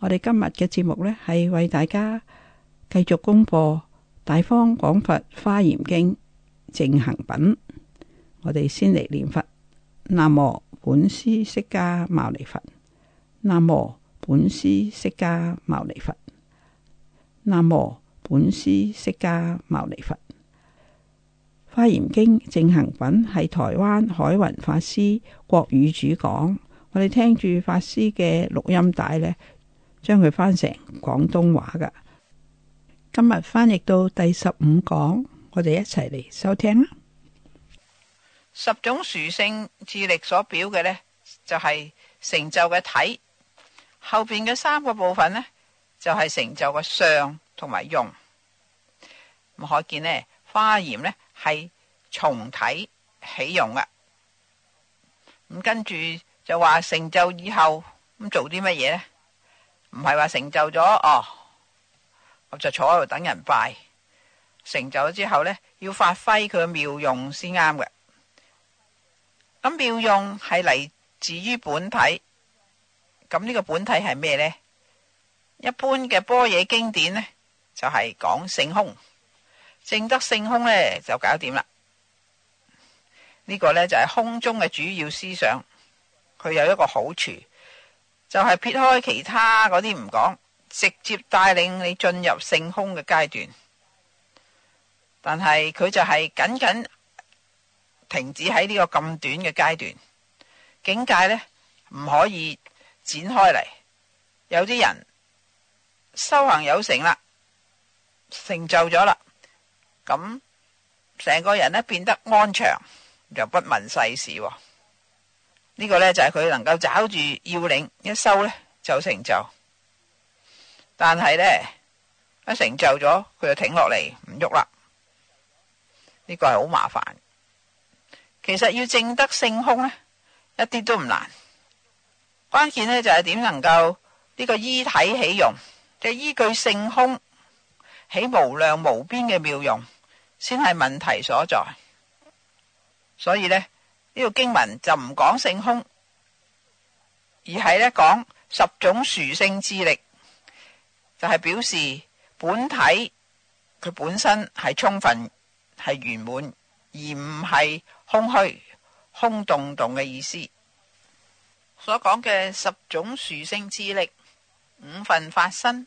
我哋今日嘅節目呢，係為大家繼續公布《大方廣佛花嚴經正行品》。我哋先嚟念佛：南無本師釋迦牟尼佛，南無本師釋迦牟尼佛，南無本師釋迦牟尼佛。《花嚴經正行品》係台灣海雲法師國語主講，我哋聽住法師嘅錄音帶呢。將佢翻成廣東話噶。今日翻譯到第十五講，我哋一齊嚟收聽啦。十種殊勝智力所表嘅呢，就係成就嘅體。後邊嘅三個部分呢，就係成就嘅相同埋用。咁可見呢，華嚴呢，係從體起用㗎。咁跟住就話成就以後咁做啲乜嘢呢？唔係話成就咗哦，我就坐喺度等人拜。成就咗之後呢，要發揮佢嘅妙用先啱嘅。咁妙用係嚟自於本體。咁呢個本體係咩呢？一般嘅般若經典呢，就係、是、講性空。正得性空呢，就搞掂啦。呢、這個呢，就係、是、空中嘅主要思想。佢有一個好處。就係撇開其他嗰啲唔講，直接帶領你進入性空嘅階段。但係佢就係僅僅停止喺呢個咁短嘅階段。境界呢唔可以展開嚟。有啲人修行有成啦，成就咗啦，咁成個人呢變得安詳，就不問世事、哦。呢個呢就係佢能夠找住要領一收呢就成就，但係呢一成就咗佢就停落嚟唔喐啦，呢個係好麻煩。其實要證得性空呢一啲都唔難，關鍵呢就係點能夠呢個依體起用嘅依據性空起無量無邊嘅妙用，先係問題所在。所以呢。呢個經文就唔講性空，而係咧講十種殊勝之力，就係、是、表示本體佢本身係充分係圓滿，而唔係空虛空洞洞嘅意思。所講嘅十種殊勝之力、五分法身、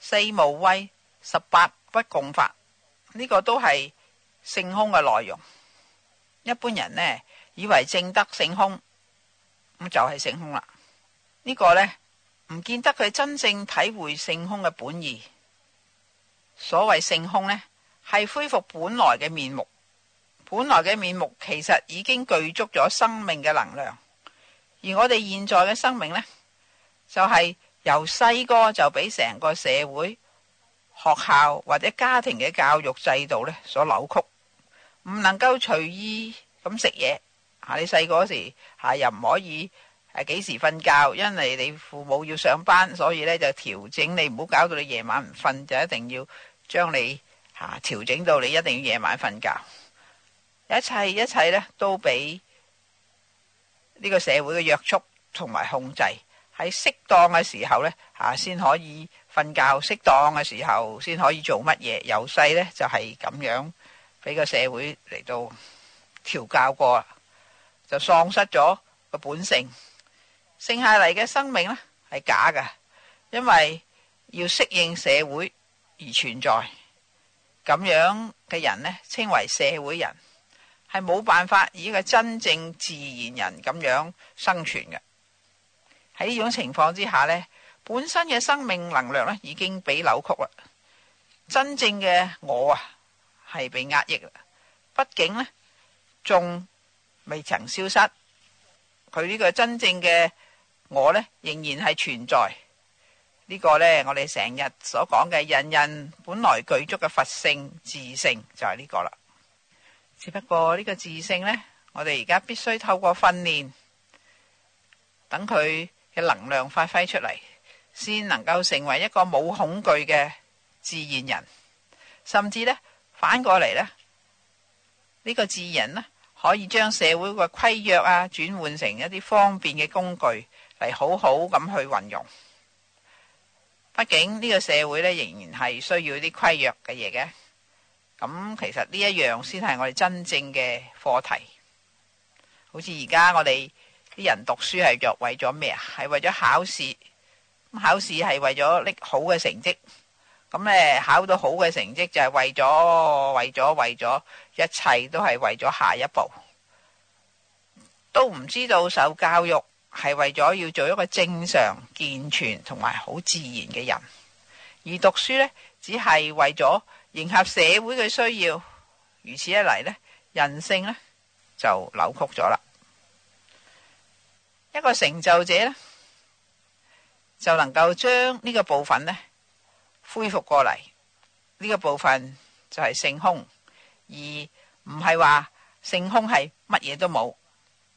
四無畏、十八不共法，呢、這個都係性空嘅內容。一般人呢，以為正德性空，咁就係性空啦。呢個呢，唔見得佢真正體會性空嘅本意。所謂性空呢，係恢復本來嘅面目。本來嘅面目其實已經具足咗生命嘅能量，而我哋現在嘅生命呢，就係由細個就俾成個社會、學校或者家庭嘅教育制度呢所扭曲，唔能夠隨意咁食嘢，你細個嗰時吓又唔可以誒？幾時瞓覺？因為你父母要上班，所以咧就調整你，唔好搞到你夜晚唔瞓，就一定要將你吓、啊、調整到你一定要夜晚瞓覺。一切一切咧都俾呢個社會嘅約束同埋控制。喺適當嘅時候咧吓、啊、先可以瞓覺，適當嘅時候先可以做乜嘢。由細咧就係、是、咁樣俾個社會嚟到調教過就喪失咗個本性，剩下嚟嘅生命呢，係假㗎，因為要適應社會而存在，咁樣嘅人呢，稱為社會人，係冇辦法以一個真正自然人咁樣生存嘅。喺呢種情況之下呢，本身嘅生命能量呢已經俾扭曲啦，真正嘅我啊，係被壓抑啦。畢竟呢，仲。未曾消失，佢呢個真正嘅我咧，仍然係存在。呢個咧，我哋成日所講嘅人人本來具足嘅佛性、自性，就係呢個啦。只不過呢個自性咧，我哋而家必須透過訓練，等佢嘅能量發揮出嚟，先能夠成為一個冇恐懼嘅自然人。甚至咧，反過嚟咧，呢個自然人咧。可以將社會嘅規約啊轉換成一啲方便嘅工具嚟，好好咁去運用。畢竟呢個社會呢，仍然係需要啲規約嘅嘢嘅。咁、嗯、其實呢一樣先係我哋真正嘅課題。好似而家我哋啲人讀書係為咗咩啊？係為咗考試。考試係為咗拎好嘅成績。咁考到好嘅成績就係為咗，為咗，為咗，一切都係為咗下一步。都唔知道受教育係為咗要做一個正常、健全同埋好自然嘅人，而讀書呢，只係為咗迎合社會嘅需要。如此一嚟呢，人性呢，就扭曲咗啦。一個成就者呢，就能夠將呢個部分呢，恢復過嚟呢、這個部分就係性空，而唔係話性空係乜嘢都冇，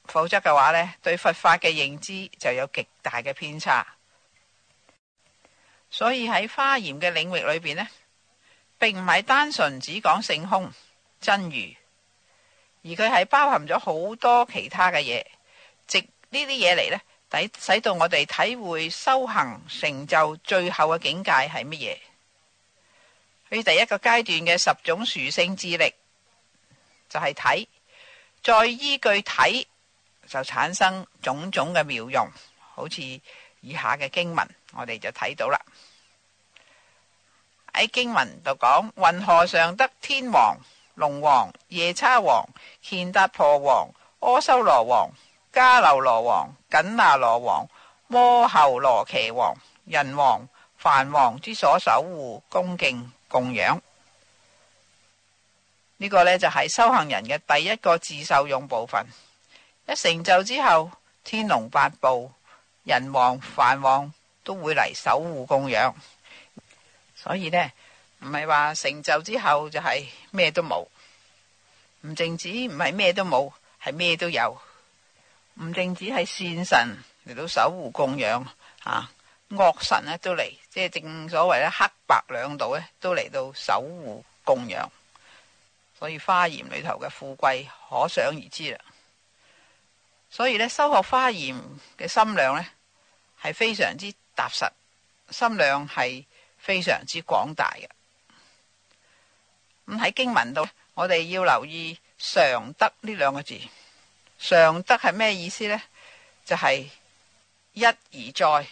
否則嘅話呢，對佛法嘅認知就有極大嘅偏差。所以喺華嚴嘅領域裏邊呢，並唔係單純只講性空真如，而佢係包含咗好多其他嘅嘢，即呢啲嘢嚟呢。使使到我哋體會修行成就最後嘅境界係乜嘢？佢第一個階段嘅十種殊勝之力，就係、是、睇，再依據睇就產生種種嘅妙用，好似以下嘅經文，我哋就睇到啦。喺經文度講，雲河上得天王、龍王、夜叉王、乾闥婆王、阿修羅王。加流羅王、緊那羅王、摩睺羅伽王、人王、梵王之所守護恭敬供養，呢、這個呢，就係修行人嘅第一個自受用部分。一成就之後，天龍八部、人王、梵王都會嚟守護供養。所以呢，唔係話成就之後就係咩都冇，唔淨止唔係咩都冇，係咩都有。唔淨止係善神嚟到守護供養，吓、啊、惡神咧都嚟，即係正所謂咧黑白兩道咧都嚟到守護供養，所以華嚴裏頭嘅富貴可想而知啦。所以呢，修學華嚴嘅心量呢，係非常之踏實，心量係非常之廣大嘅。咁喺經文度，我哋要留意常德呢兩個字。上德係咩意思呢？就係、是、一而再，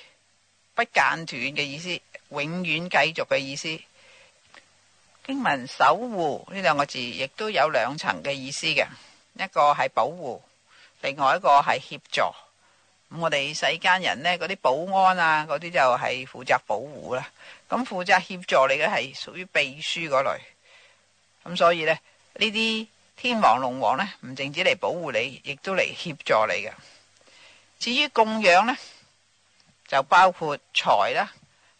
不間斷嘅意思，永遠繼續嘅意思。經文守護呢兩個字，亦都有兩層嘅意思嘅。一個係保護，另外一個係協助。咁、嗯、我哋世間人呢，嗰啲保安啊，嗰啲就係負責保護啦。咁、嗯、負責協助你嘅係屬於秘書嗰類。咁、嗯、所以呢，呢啲。天王龍王呢，唔淨止嚟保護你，亦都嚟協助你嘅。至於供養呢，就包括財啦、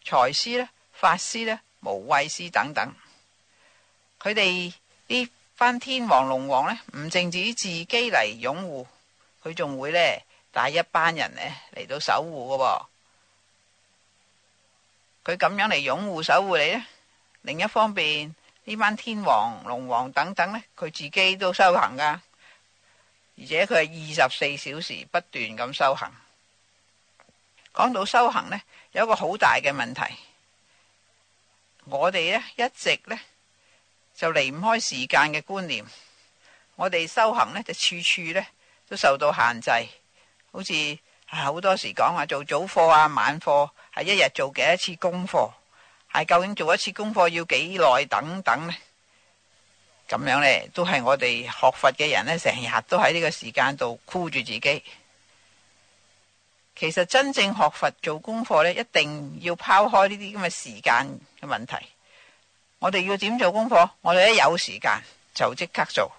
財師啦、法師啦、無畏師等等。佢哋呢班天王龍王呢，唔淨止自己嚟擁護，佢仲會呢帶一班人呢嚟到守護噶。佢咁樣嚟擁護守護你呢，另一方面。呢班天王、龍王等等呢，佢自己都修行噶，而且佢係二十四小時不斷咁修行。講到修行呢，有一個好大嘅問題，我哋呢，一直呢，就離唔開時間嘅觀念，我哋修行呢，就處處呢，都受到限制，好似好多時講話做早課啊、晚課，係一日做幾多次功課。究竟做一次功課要幾耐？等等呢，咁樣呢，都係我哋學佛嘅人呢，成日都喺呢個時間度箍住自己。其實真正學佛做功課呢，一定要拋開呢啲咁嘅時間嘅問題。我哋要點做功課？我哋一有時間就即刻做。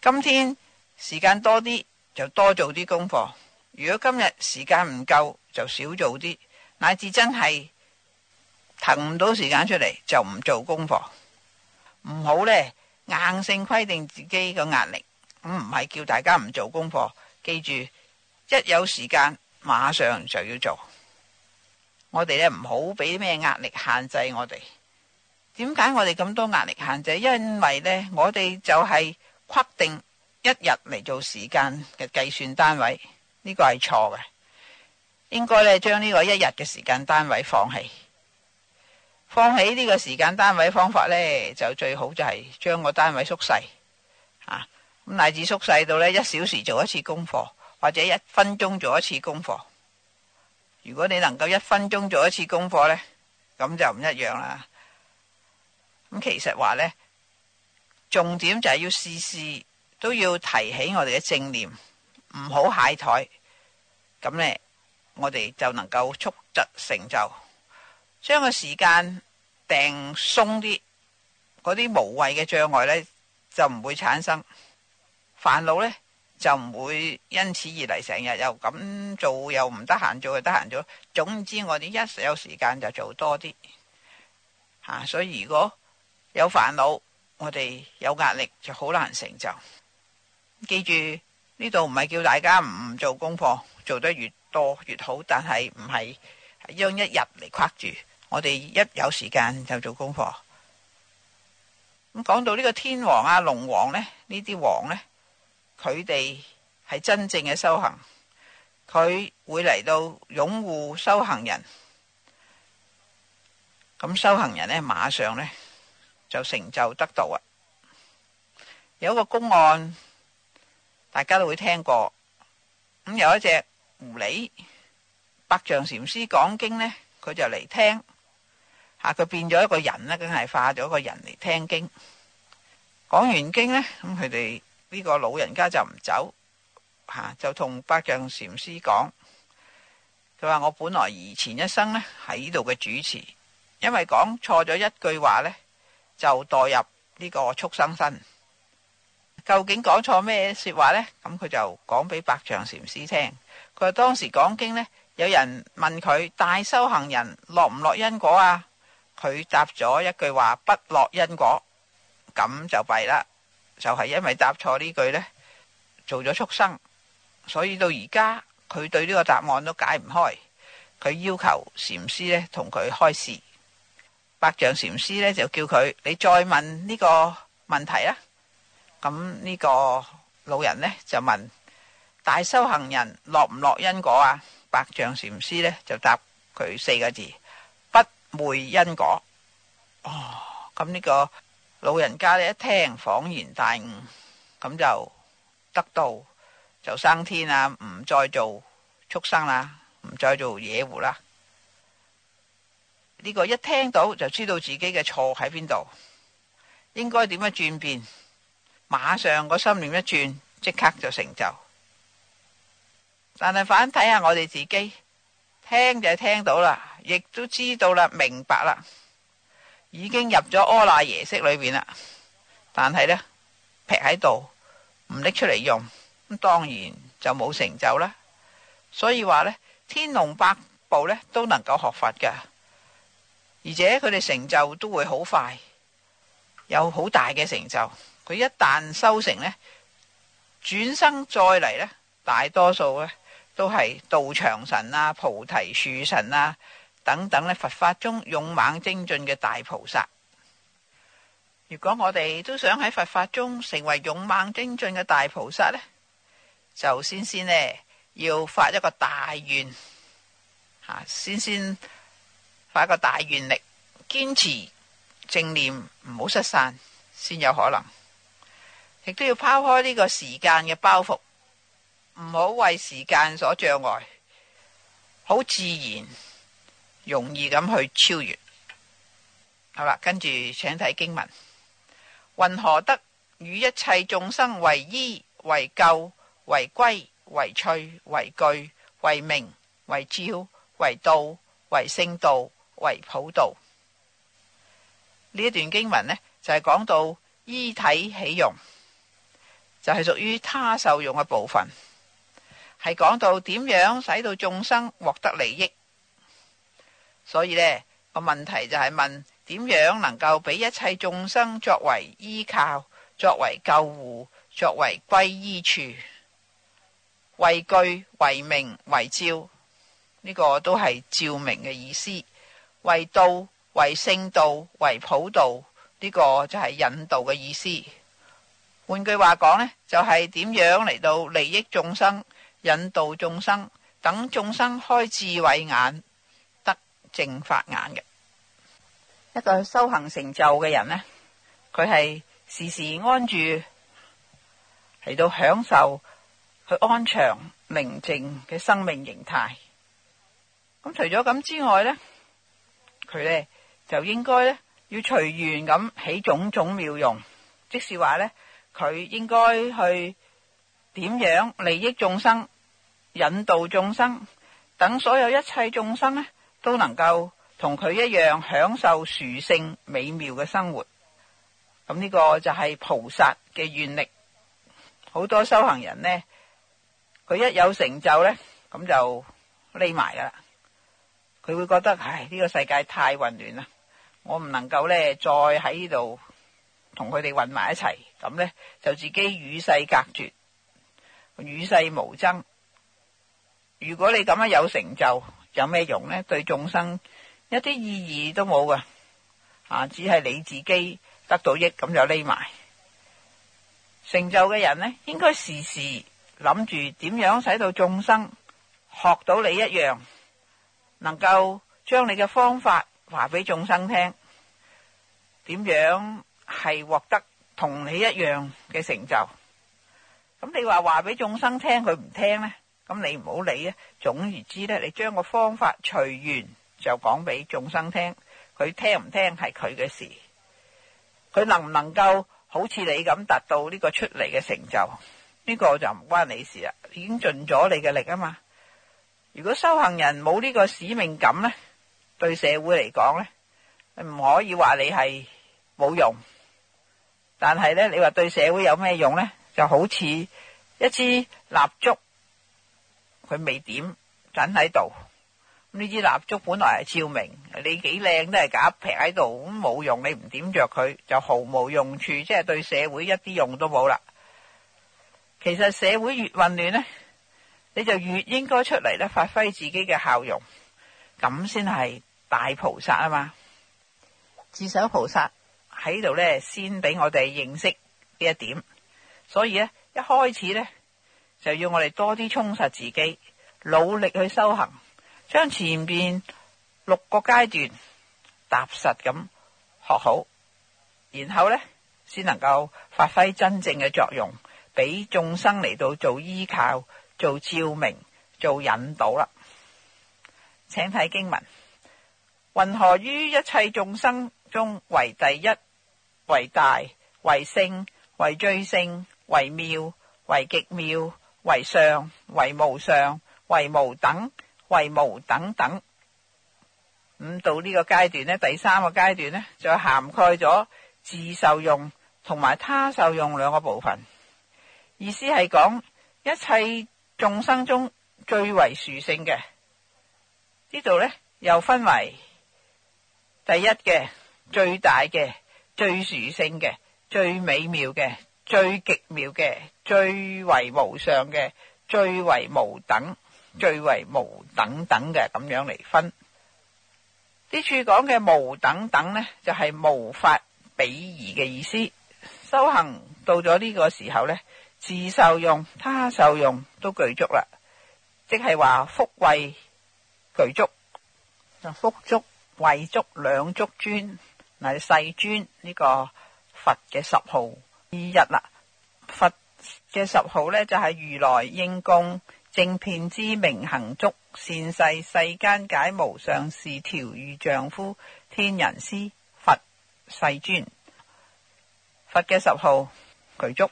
今天時間多啲就多做啲功課。如果今日時間唔夠就少做啲，乃至真係。騰唔到時間出嚟，就唔做功課，唔好咧硬性規定自己嘅壓力。唔係叫大家唔做功課，記住一有時間馬上就要做。我哋咧唔好俾咩壓力限制我哋。點解我哋咁多壓力限制？因為咧我哋就係規定一日嚟做時間嘅計算單位，呢個係錯嘅。應該咧將呢個一日嘅時間單位放棄。放棄呢個時間單位方法呢，就最好就係將個單位縮細，啊咁乃至縮細到呢：一小時做一次功課，或者一分鐘做一次功課。如果你能夠一分鐘做一次功課呢，咁就唔一樣啦。咁其實話呢，重點就係要事事都要提起我哋嘅正念，唔好懈怠，咁呢，我哋就能夠速疾成就。將個時間定鬆啲，嗰啲無謂嘅障礙呢，就唔會產生，煩惱呢，就唔會因此而嚟成日又咁做又唔得閒做又得閒做，做，總之我哋一有時間就做多啲吓、啊。所以如果有煩惱，我哋有壓力就好難成就。記住呢度唔係叫大家唔做功課，做得越多越好，但係唔係係用一日嚟框住。我哋一有時間就做功課。咁講到呢個天王啊、龍王呢，呢啲王呢，佢哋係真正嘅修行，佢會嚟到擁護修行人。咁修行人呢，馬上呢就成就得到啊！有一個公案，大家都會聽過。咁有一隻狐狸，百丈禪師講經呢，佢就嚟聽。吓佢、啊、變咗一個人呢梗係化咗個人嚟聽經。講完經呢，咁佢哋呢個老人家就唔走吓、啊，就同百丈禪師講：佢話我本來以前一生呢喺度嘅主持，因為講錯咗一句話呢，就墮入呢個畜生身。究竟講錯咩說話呢？咁佢就講俾百丈禪師聽。佢話當時講經呢，有人問佢：大修行人落唔落因果啊？佢答咗一句話：不落因果，咁就弊啦。就係因為答錯呢句咧，做咗畜生，所以到而家佢對呢個答案都解唔開。佢要求禪師咧同佢開示，百丈禪師咧就叫佢：你再問呢個問題啊！咁呢個老人咧就問大修行人：落唔落因果啊？百丈禪師咧就答佢四個字。昧因果哦，咁呢個老人家咧一聽恍然大悟，咁就得到就升天啦，唔再做畜生啦，唔再做野狐啦。呢個一聽到就知道自己嘅錯喺邊度，應該點樣轉變，馬上個心念一轉，即刻就成就。但係反睇下我哋自己，聽就聽到啦。亦都知道啦，明白啦，已經入咗阿賴耶識裏邊啦。但係呢，劈喺度，唔拎出嚟用，咁當然就冇成就啦。所以話呢，天龍八部呢都能夠學佛㗎，而且佢哋成就都會好快，有好大嘅成就。佢一旦修成呢，轉生再嚟呢，大多數呢都係道場神啊、菩提樹神啊。等等咧，佛法中勇猛精進嘅大菩薩。如果我哋都想喺佛法中成為勇猛精進嘅大菩薩呢，就先先呢，要發一個大願，吓先先發個大願力，堅持正念唔好失散，先有可能。亦都要拋開呢個時間嘅包袱，唔好為時間所障礙，好自然。容易咁去超越，好啦。跟住請睇經文，云何得與一切眾生為依、為救、為歸、為趣、為具、為名、為照、為道、為聖道、為普道？呢一段經文呢，就係講到依體起用，就係屬於他受用嘅部分，係講到點樣使到眾生獲得利益。所以呢個問題就係問點樣能夠俾一切眾生作為依靠、作為救護、作為歸依處，為炬、為明、為照。呢個都係照明嘅意思。為道、為聖道、為普道，呢個就係引導嘅意思。換句話講咧，就係點樣嚟到利益眾生、引導眾生，等眾生開智慧眼。正法眼嘅一個修行成就嘅人呢，佢係時時安住嚟，到享受佢安詳寧靜嘅生命形態。咁、嗯、除咗咁之外呢，佢呢就應該呢要隨緣咁起種種妙用，即是話呢，佢應該去點樣利益眾生、引導眾生，等所有一切眾生呢。都能夠同佢一樣享受殊勝美妙嘅生活，咁呢個就係菩薩嘅願力。好多修行人呢，佢一有成就呢，咁就匿埋㗎啦。佢會覺得唉，呢個世界太混亂啦，我唔能夠呢再喺呢度同佢哋混埋一齊，咁呢，就自己與世隔絕，與世無爭。如果你咁樣有成就，有咩用呢？對眾生一啲意義都冇噶，啊！只係你自己得到益咁就匿埋。成就嘅人呢，應該時時諗住點樣使到眾生學到你一樣，能夠將你嘅方法話俾眾生聽，點樣係獲得同你一樣嘅成就。咁你話話俾眾生聽，佢唔聽呢？咁你唔好理啊！總而言之咧，你將個方法隨緣就講俾眾生聽，佢聽唔聽係佢嘅事，佢能唔能夠好似你咁達到呢個出嚟嘅成就，呢個就唔關你事啦。已經盡咗你嘅力啊嘛。如果修行人冇呢個使命感咧，對社會嚟講咧，唔可以話你係冇用。但係咧，你話對社會有咩用咧？就好似一支蠟燭。佢未點，盞喺度。呢支蠟燭本來係照明，你幾靚都係假，劈喺度咁冇用。你唔點着佢，就毫無用處，即係對社會一啲用都冇啦。其實社會越混亂呢，你就越應該出嚟咧，發揮自己嘅效用，咁先係大菩薩啊嘛。自守菩薩喺度呢先俾我哋認識呢一點。所以呢，一開始呢。就要我哋多啲充實自己，努力去修行，將前邊六個階段踏實咁學好，然後呢，先能夠發揮真正嘅作用，俾眾生嚟到做依靠、做照明、做引導啦。請睇經文，云何於一切眾生中為第一，為大，為聖，為最聖，為妙，為極妙。為上、為無上、為無等、為無等等。咁到呢個階段呢，第三個階段呢，就涵蓋咗自受用同埋他受用兩個部分。意思係講一切眾生中最為殊勝嘅，呢度呢，又分為第一嘅、最大嘅、最殊勝嘅、最美妙嘅、最極妙嘅。最為無上嘅，最為無等，最為無等等嘅咁樣嚟分。呢處講嘅無等等咧，就係無法比擬嘅意思。修行到咗呢個時候咧，自受用、他受用都具足啦，即係話福慧具足，就福足、慧足兩足尊。嗱，世尊呢個佛嘅十號之一啦，佛。嘅十號呢，就係、是、如來應供正遍知明行足善世，世世間解無上士調御丈夫天人師佛世尊。佛嘅十號具足。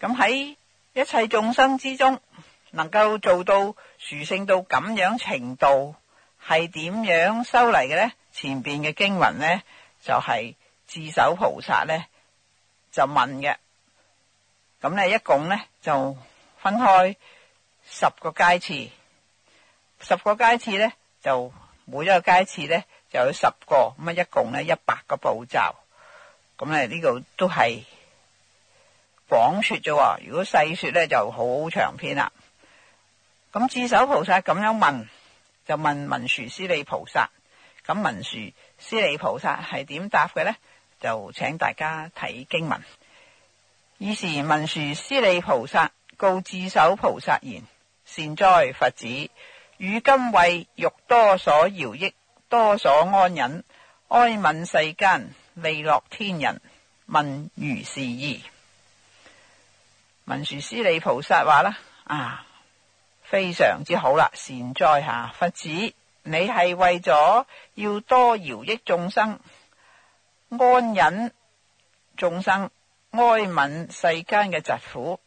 咁喺一切眾生之中，能夠做到殊勝到咁樣程度，係點樣修嚟嘅呢？前邊嘅經文呢，就係智首菩薩呢，就問嘅。咁咧一共咧就分開十個階次，十個階次咧就每一個階次咧就有十個，咁啊一共咧一百個步驟。咁咧呢度都係廣說啫，如果細說咧就好長篇啦。咁智首菩薩咁樣問，就問文殊師利菩薩。咁文殊師利菩薩係點答嘅咧？就請大家睇經文。爾時文殊師利菩薩告智首菩薩言：善哉佛子，汝今為欲多所饒益，多所安忍，哀愍世間，利樂天人，問如是義。文殊師利菩薩話啦：啊，非常之好啦！善哉吓佛子，你係為咗要多饒益眾生，安忍眾生。哀憫世間嘅疾苦，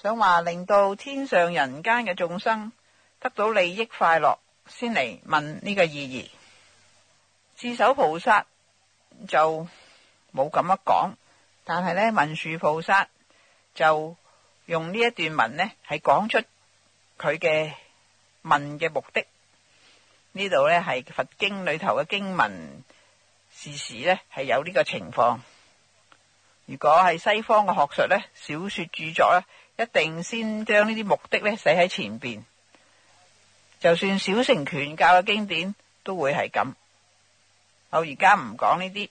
想話令到天上人間嘅眾生得到利益快樂，先嚟問呢個意義。智首菩薩就冇咁樣講，但係呢，文殊菩薩就用呢一段文呢，係講出佢嘅問嘅目的。呢度呢，係佛經裏頭嘅經文，時時呢，係有呢個情況。如果係西方嘅學術咧，小說著作咧，一定先將呢啲目的咧寫喺前邊。就算小乘權教嘅經典都會係咁。我而家唔講呢啲，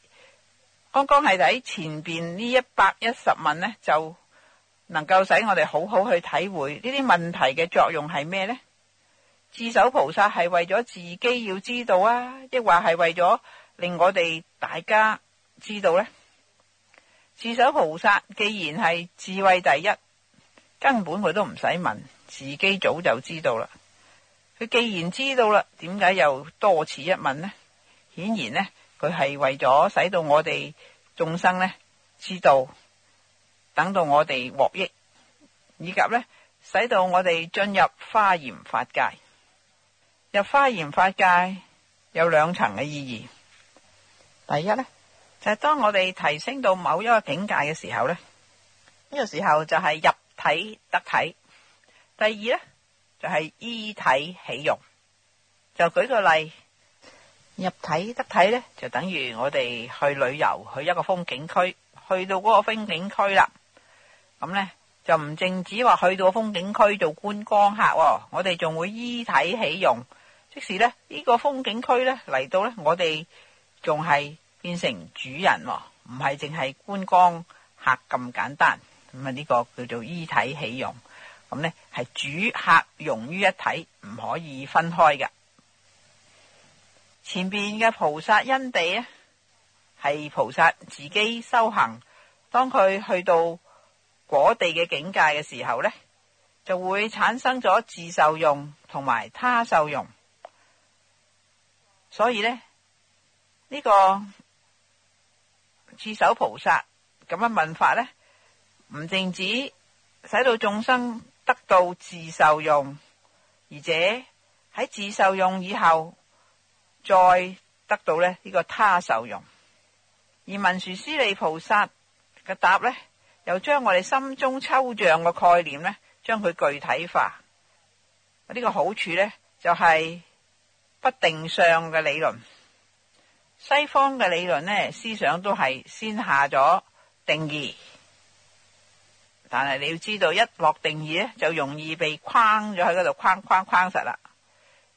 剛剛係睇前邊呢一百一十問呢，就能夠使我哋好好去體會，呢啲問題嘅作用係咩呢？智首菩薩係為咗自己要知道啊，抑或係為咗令我哋大家知道呢？自首菩薩既然係智慧第一，根本佢都唔使問，自己早就知道啦。佢既然知道啦，點解又多此一問呢？顯然呢，佢係為咗使到我哋眾生呢知道，等到我哋獲益，以及呢使到我哋進入華嚴法界。入華嚴法界有兩層嘅意義，第一呢？就係當我哋提升到某一個境界嘅時候咧，呢個時候就係入體得體。第二呢，就係依體起用。就舉個例，入體得體呢，就等於我哋去旅遊去一個風景區，去到嗰個風景區啦。咁呢，就唔淨止話去到個風景區做觀光客喎，我哋仲會依體起用。即使呢，呢個風景區呢，嚟到呢，我哋仲係。變成主人，唔係淨係觀光客咁簡單。咁啊，呢個叫做依體起用。咁咧係主客融於一體，唔可以分開嘅。前邊嘅菩薩因地呢，係菩薩自己修行。當佢去到果地嘅境界嘅時候呢，就會產生咗自受用同埋他受用。所以呢，呢個。自守菩薩咁樣問法咧，唔淨止，使到眾生得到自受用，而且喺自受用以後再得到咧呢個他受用。而文殊師利菩薩嘅答咧，又將我哋心中抽象嘅概念咧，將佢具體化。呢、這個好處咧，就係、是、不定相嘅理論。西方嘅理論呢，思想都係先下咗定義，但係你要知道，一落定義呢就容易被框咗喺嗰度框框框實啦。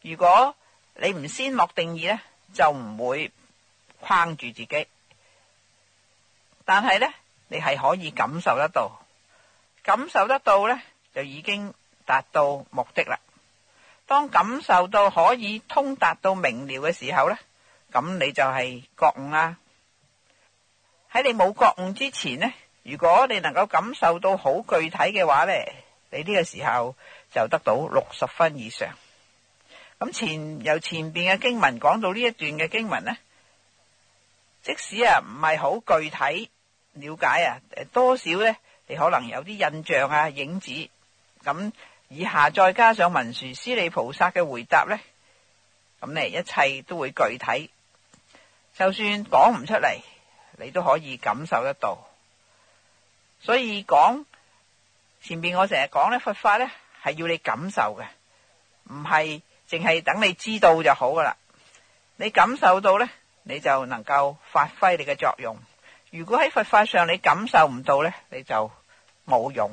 如果你唔先落定義呢就唔會框住自己。但係呢，你係可以感受得到，感受得到呢就已經達到目的啦。當感受到可以通達到明了嘅時候呢。咁你就係覺悟啦、啊。喺你冇覺悟之前呢，如果你能夠感受到好具體嘅話呢，你呢個時候就得到六十分以上。咁前由前邊嘅經文講到呢一段嘅經文呢，即使啊唔係好具體了解啊，多少呢，你可能有啲印象啊影子。咁以下再加上文殊師利菩薩嘅回答呢，咁咧一切都會具體，就算講唔出嚟，你都可以感受得到。所以講前邊我成日講咧，佛法咧係要你感受嘅，唔係淨係等你知道就好噶啦。你感受到咧，你就能夠發揮你嘅作用。如果喺佛法上你感受唔到咧，你就冇用。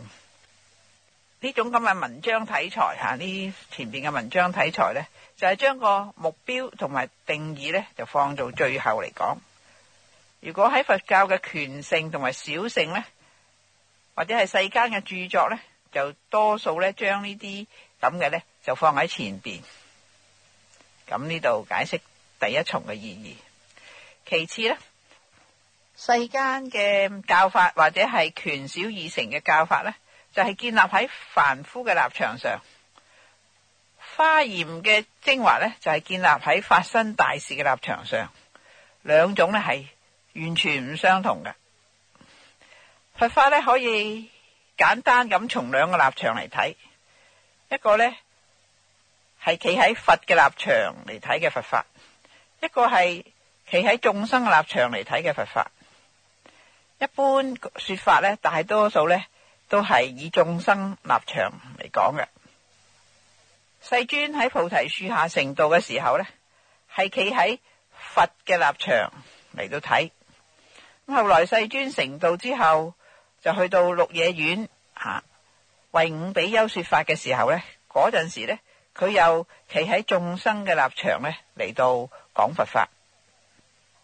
呢種咁嘅文章體裁嚇，呢前邊嘅文章體裁呢，就係將個目標同埋定義呢，就放到最後嚟講。如果喺佛教嘅權乘同埋小乘呢，或者係世間嘅著作呢，就多數呢將呢啲咁嘅呢，就放喺前邊。咁呢度解釋第一重嘅意義。其次呢，世間嘅教法或者係權小二乘嘅教法呢。就係建立喺凡夫嘅立場上，華嚴嘅精華呢，就係建立喺法身大士嘅立場上，兩種呢係完全唔相同嘅。佛法呢可以簡單咁從兩個立場嚟睇，一個呢係企喺佛嘅立場嚟睇嘅佛法，一個係企喺眾生嘅立場嚟睇嘅佛法。一般説法呢，大多數呢。都係以眾生立場嚟講嘅。世尊喺菩提樹下成道嘅時候呢，係企喺佛嘅立場嚟到睇。咁後來世尊成道之後，就去到鹿野苑吓，啊，為五比丘說法嘅時候呢，嗰陣時呢，佢又企喺眾生嘅立場咧嚟到講佛法。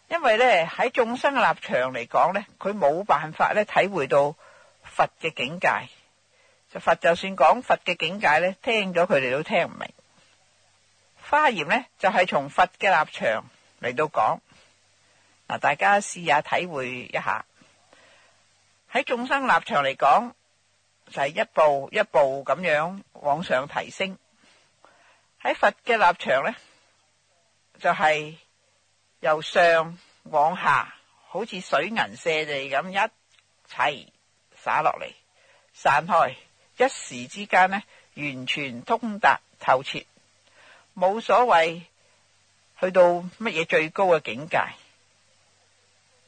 因為呢，喺眾生嘅立場嚟講呢，佢冇辦法咧體會到。佛嘅境界佛，就算講佛嘅境界咧，聽咗佢哋都聽唔明。華嚴呢，就係、是、從佛嘅立場嚟到講嗱，大家試下體會一下喺眾生立場嚟講就係、是、一步一步咁樣往上提升喺佛嘅立場呢，就係、是、由上往下，好似水銀瀉地咁一齊。灑落嚟，散開，一時之間呢，完全通達透徹，冇所謂。去到乜嘢最高嘅境界？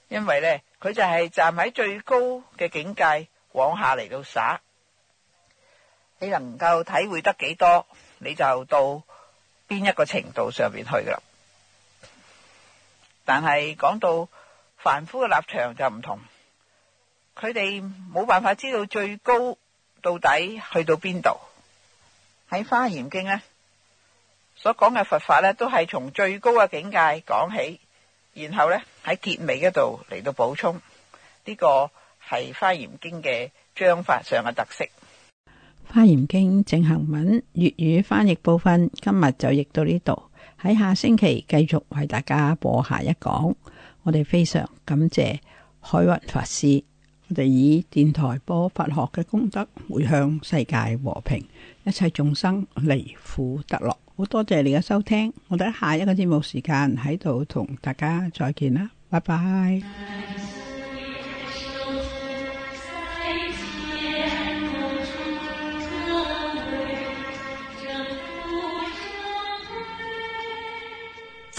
因為呢，佢就係站喺最高嘅境界往下嚟到灑。你能夠體會得幾多，你就到邊一個程度上面去啦。但係講到凡夫嘅立場就唔同。佢哋冇辦法知道最高到底去到邊度喺《花嚴經》呢所講嘅佛法呢，都係從最高嘅境界講起，然後呢喺結尾嗰度嚟到補充呢個係《花嚴經》嘅章法上嘅特色。《花嚴經》正行文粵語翻譯部分，今日就譯到呢度，喺下星期繼續為大家播下一講。我哋非常感謝海雲法師。我哋以電台播佛學嘅功德回向世界和平，一切眾生離苦得樂。好多謝你嘅收聽，我哋下一個節目時間喺度同大家再見啦，拜拜。